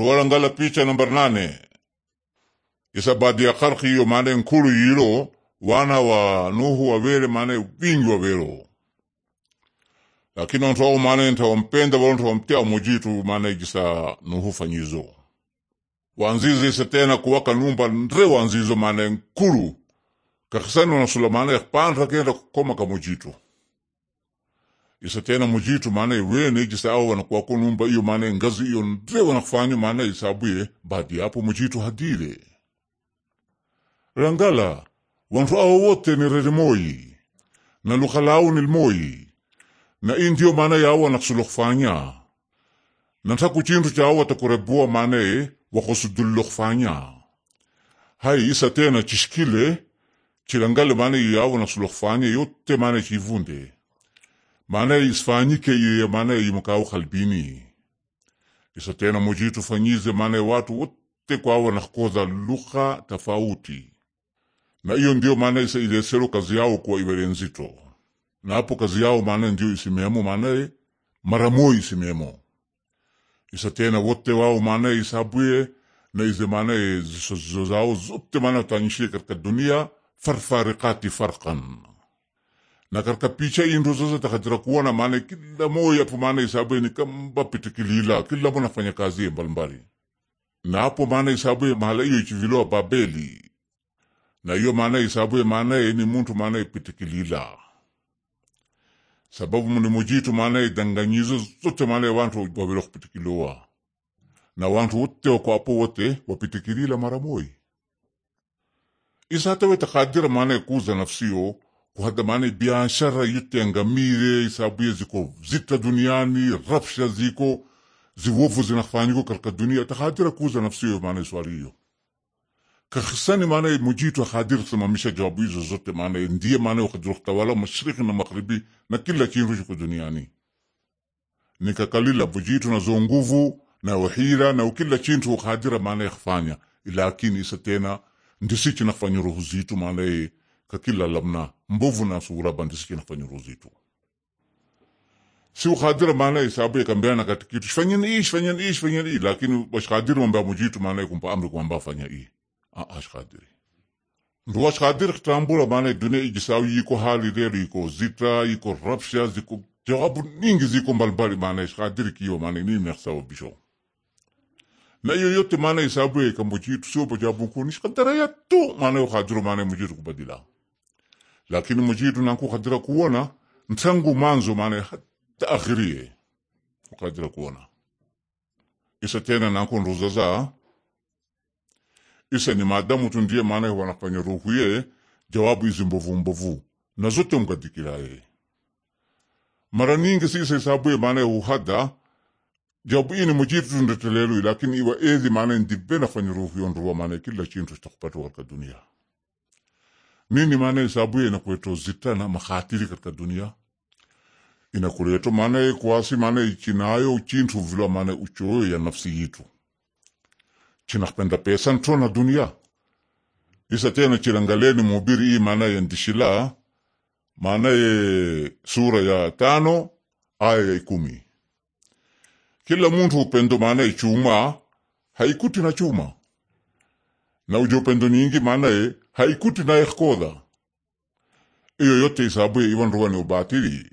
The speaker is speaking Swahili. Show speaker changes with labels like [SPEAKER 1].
[SPEAKER 1] ruwala ngala picha nambar nane isa badi ya karki iyo mane nkulu yilo wana wa Nuhu wavere maana wingi wawero lakini mane nta wampenda ntawampenda wala ntawamtia wamujitu mane jisa Nuhu fanyizo wanzizi isa tena kuwaka numba ndre wanzizo mane nkulu kakisani wanasula ya kpanta kenda kukoma kamujitu isa tena mujitu maana iweniji jisa au wanakuwa kunumba iyo maana ngazi iyo ndre wanakufanya maana isabuye badi yapo mujitu hadile rangala wantu awo wote ni reremoyi na lugha lao ni lmoyi na ii ndiyo maana yao wanakusulokufanya na ntaku chintu chao watakurebua maanaye wakosudullokufanya hai isa tena chishikile chilangale maana iyo yao kufanya yote maana chivunde maana e isifanyike iyo maana e imukao kalbini isa tena fanyize maana e watu wote kwao wanakoza lugha tofauti na iyo ndio maana isa ilesero kazi yao kuwa iwere nzito na hapo kazi yao maana ndio isimemo mara moyo isimemo isa tena wote wao maana isabuye na ize maana ziso zao zote maana tanyishie katika dunia farfarikati farkan na katika picha indo sasa takatira kuona maana kila moya po maana isabu ni kamba pitikilila kila mwana fanya kazi mbalimbali na hapo maana isabu ya mahala hiyo ichiviloa Babeli na hiyo maana isabu ya maana ni mtu maana pitikilila sababu ni mujitu maana danganyizo zote maana wantu wabilo kupitikiloa na wantu wote wako hapo wote wapitikilila mara moja isatawe takadira maana kuza nafsio kuhadamana biashara yote yangamire isabuye ziko zita duniani rabsha ziko ziwovu zinafanyiko katika dunia tahadira kuuza nafsi hiyo maana swali hiyo kahisani maana mujitu hadir simamisha jawabu hizo zote maana ndiye maana wakajitawala mashariki na magharibi na kila kintu kiko duniani nikakalila bujitu nazo nguvu na uhira na ukila chintu wakadira maana yakufanya lakini isa tena ndisichi nafanya roho zitu maana kakila lamna mbovu na sugura bandisikina si siukhadira maana isabu ya yakambeana kati kitu shifanyeni hii shifanyeni hii shifanyeni hii lakini washikadiri wambea mujitu maana kumpa amri kwamba fanya hii ashikadiri ah, ah, ndu washikadiri kitambura maana dunia ijisawu yiko hali lelo yiko zita yiko rapsha ziko jawabu ningi ziko mbalimbali maana shikadiri kiyo maana nini nakisababisho na hiyo yote maana isabu ya yakamujitu sio bojabu nkuni shikadara yatu maana ukadiru maana mujitu kubadila lakini mujitu mujidu kadira kuona ntangu manzo mane hata akhirie ukadira kuona isa tena nruzaza isa ni madamu tundie mane wanafanya ruhu ye jawabu izi mbovu mbovu na zote mkadikiraye mara nyingi siisa isabuye mane uhada jawabu ini mujitu tundetelelui lakini iwa ezi mane ndibe nafanya ruhu yondruwa mane kila chintu chitakupatuwa katika dunia nini maana hisabu inakuleto zita na makhatiri katika dunia inakuleto maana kuasi maana ichinayo chintu vilo maana uchoyo ya nafsi yitu chinakpenda pesa nto na dunia isa tena chilangaleni mubiri i maana ya ndishila maana ye sura ya tano aya ya ikumi kila muntu upendo maana ichuma haikuti na chuma na ujo upendo nyingi maana ye haikuti nayekoda iyo yote isabuye iwanduwa ni ubatili